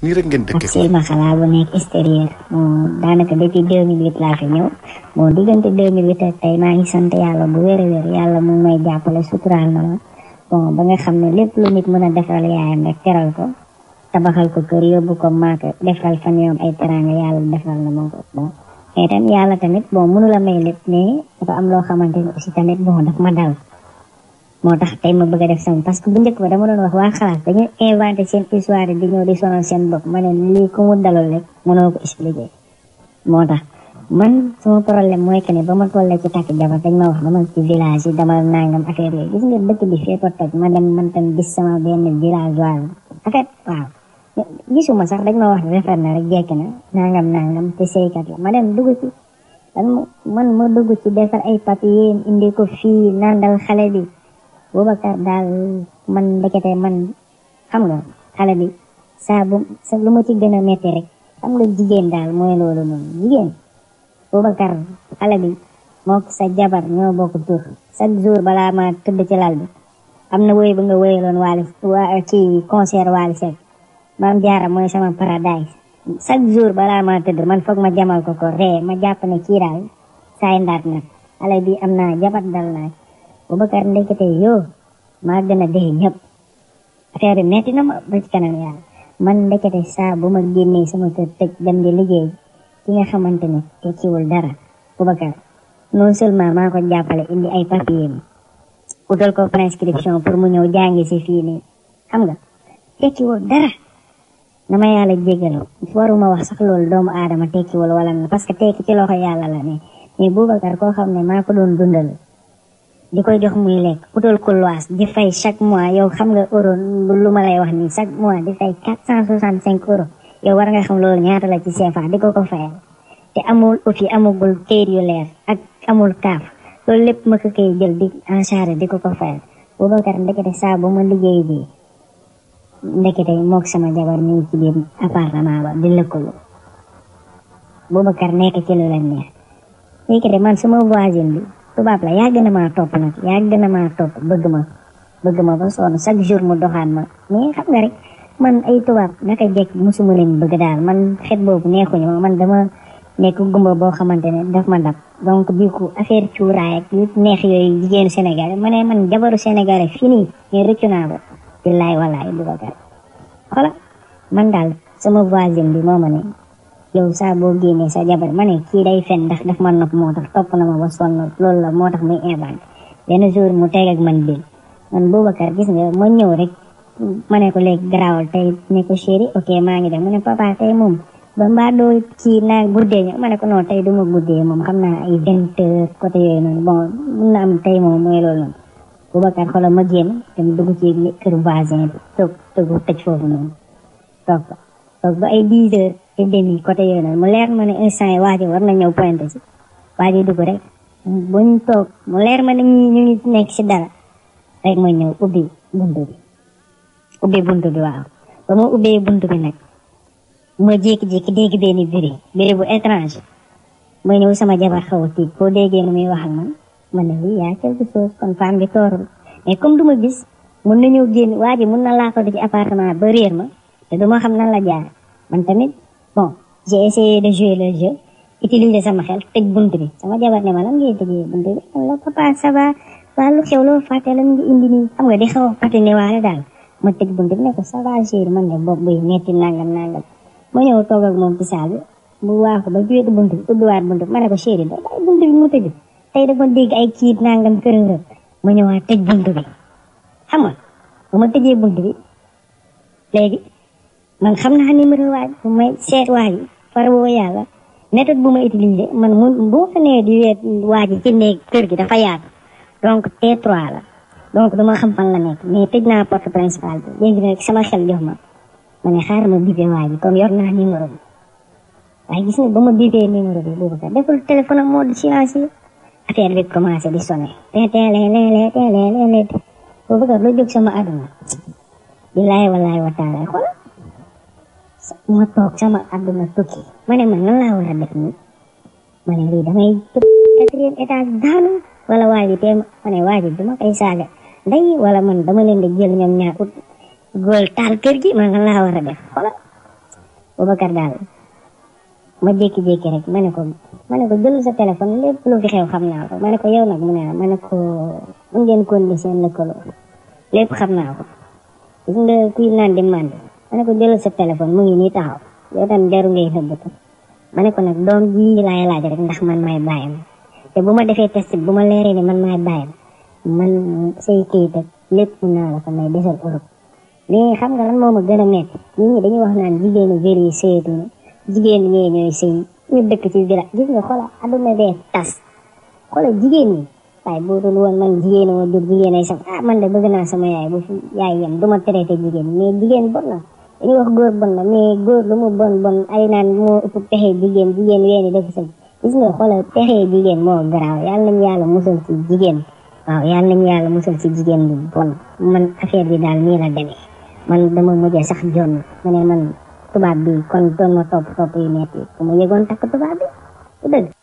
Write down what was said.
nii rek ngeen dëkkee. actuellement xanaa bu nekk extérieur daanaka depuis 2008 laa fi ñëw bon diggante 2008 ak tey maa ngi sant yàlla bu wér a wér yàlla mu may jàppale suturaal na ma bon ba nga xam ne lépp lu nit mën a defal yaayam rek teral ko tabaxal ko kër yóbbu ko maaka defal fan yoom ay teranga yàlla defal na ma ko bon. mais la may lépp mais dafa am loo xamante ni aussi tamit bon daf ma dal. motax tay ma bëgg def sam parce que bu ñëk ba dama doon wax waa xalaat dañu inventer seen histoire di ñëw di sonal seen bopp ma ne lii ku mu dalal rek mënoo ko expliquer moo tax man sama problème mooy que ne ba ma tollee ci takk jaba dañ ma wax dama ci village yi dama nangam affaire yi gis ngeen dëkk bi fee ko toj ma dem man tam gis sama benn village waaw en waaw gisuma sax dañ ma wax rafet na rek jekk na nangam nangam te seykat la ma dem dugg ci man ma dugg ci defar eh, ay papier indi ko fii nandal xale bi Boubacar daal man ndekete man xam nga xale bi saa bu lu ma ci gën a metti rek xam jigéen daal mooy loolu noonu jigéen Boubacar xale bi mook sa jabar ñoo bokk tur chaque balaa ma tëdd ci lal bi am na woy ba nga woyaloon waali waa ci concert waali Seck maam mooy sama paradise chaque jour balaa ma tëdd man foog ma jamal ko ko ree na xale bi am naa jabar dal naa Oba karna dai kete yo ma gana dai nyap. Kaya rin meti na ma bai tika na miya. Ma nda kete sa bo ma gin ni sa ma kete dam ka man tene ke ki wul dara. Oba kar. Nun sul ma ma ko nja pala indi ai papi yem. Udal ko pana skidik shong pur mu nyau jang gi si fi ni. Kam ga. Ke ki wul dara. Na ma ya la gi gi ada ma te ki Pas ka te ki ki lo ka ya la la ni. Ni bu ba kar ko kam ma ko dun di koy jox muy lek utal ko loas di fay chaque mois yow xam nga euro lu ma lay wax ni chaque mois di fay 465 euro yow war nga xam lol ñaata la ci CFA di ko ko fayal te amul ufi amul teer yu leer ak amul kaf lol lepp ma ko kay jël di en charge di ko ko fayal Boubacar ndekete sa bu ma liggey bi ndekete mok sama jabar ni ci biir appartement ba di lëkkaloo kar nek ci lu la neex ndekete man sama voisin bi tubaab la yàgg na maa topp nag bëgg ma bëgg ma ba sonn chaque jour mu doxaan ma mais xam nga rek man ay tubaab naka jekk mosuma leen bëgg daal man xet boobu neexuñu ma man dama nekk gumba boo xamante ne daf ma dab donc bi ku affaire cuuraay yu neex yooyu jigéenu Sénégal ma ne man jabaru Sénégal fii nii ñu rëccu naa ko billaay wallaay man daal sama voisine bi moo ma لو بوجي نسا جبر ماني كي داي فين دخ دخ من نب موتر طب نما وصل لول لا موتر مي إيبان لأنه زور متاعك من بين من بوبا كاركيس من يورك mana ko lek grawal tay ne ko chéri ok maa ngi dem mu ne papa tay moom ba mbaa doo kii naa guddee ñu ma ne ko non tey du ma guddee moom xam naa ay vingt heures côté yooyu noonu bon mun na am tey moom mooy loolu noonu Boubacar xoolal ma génn dem dugg ci kër voisin bi toog toog tëj foofu noonu toog ba toog ba ay dix heures ci demi kota yooyu noonu mu mana ma ne instant yi waa ji war na ñëw pointe ci waa ji dugg rek buñ toog mu leer ma ne ñi rek ma ñëw ubbi buntu bi ubbi buntu bi waaw ba ma ubbee biri biri bu étrange ma ñëw sama jabar kau tiit boo déggee nu muy wax ak man ma ne lii yaa quelque chose kon femme bi toorul mais comme du ma gis mun na ñëw génn waa ji mun na laa ko ci appartement ma bon j'ai essayé de jouer oh, le jeu utiliser sama xel tek buntu bi sama jabar ne ma lan ngay tëjee bunt bi la papa ça va waa lu xew lo faté lan ngi indi ni xam nga di xaw faté fàttali wala dal ma tek buntu bi ne ko ça va chérie man de bopp buy metti nangam nangam ma ñew tok ak mom ci bu wa mu ba ci buntu bunt bi ubbiwaat bunt ma ne ko chérie da bàyyi bunt bi mu tej tay da ko dégg ay kiit nangam kërërëm ma ñewa tej buntu bi xam nga ba ma buntu bi légui man xam naa numéro waa ji may seet waa ji far woo yàlla méthode bu ma utilisé man mu bu ma fa di weet waa ji gi dafa yaatu donc T3 la donc dama xam fan la nekk mais tëj naa porte principale bi léegi nag sama xel jox ma ma ne xaaral ma bippé waa ji comme yor naa numéro waaye gis nga ba ma bippé numéro bi boobu sax deful téléphone am mode silencieux affaire bi commencé di sonné te teelee leelee teelee leelee boobu kat lu jóg sama àdduna billaay wallaay wa taala xoolal ma toog sama àdduna tukki ma ne man lan laa war a def nii ma ne lii damay tëb quatrième étage daanu wala waa ji teem ma ne waa wala man dama leen di jël ñoom ñaar ut góol taal kër gi man lan laa def xola Boubacar daal ma jékki rek ma ko ma ne ko jël sa téléphone lépp lu fi xew xam naa ko ma ko yow nag mu ne ma ko mu ngeen kon di seen xam naa ko gis nga naan di màndi ma ko jëlal sa téléphone mu ngi nii taxaw yow tam jaru ngay nëbbatu ma ne ko nag doom jii ñu laay laaj rek man maay bàyyam te bu ma defee test bu ma leeree ne man maay bàyyam man say kayit ak lépp mun naa la ko may desal Europe mais xam nga lan moo ma gën a métti dañuy wax naan jigéenu vér yi sëyatuñu jigéen ñee ñooy sëy ñu dëkk ci vira gis nga xoola adduna bee tas xoola jigéen ñi waaye boo doon woon man jigéen woo jur jigéen ay sax ah man de bëgg naa sama yaay bu fi yaay yem ma traité jigéen mais jigéen bon dañuy wax góor bon na mais góor lu mu bon bon ay naan moo ëpp pexe jigéen jigéen weeni dafa sëy gis nga xoolal pexe jigéen moo garaaw yàlla nañu yàlla musal ci jigéen waaw yàlla nañu yàlla musal ci jigéen bu bon man affaire bi daal nii la demee man dama mujjee sax jonn ma ne man tubaab bi kon doon ma topp topp yu metti ku ma yëgoon takk bi du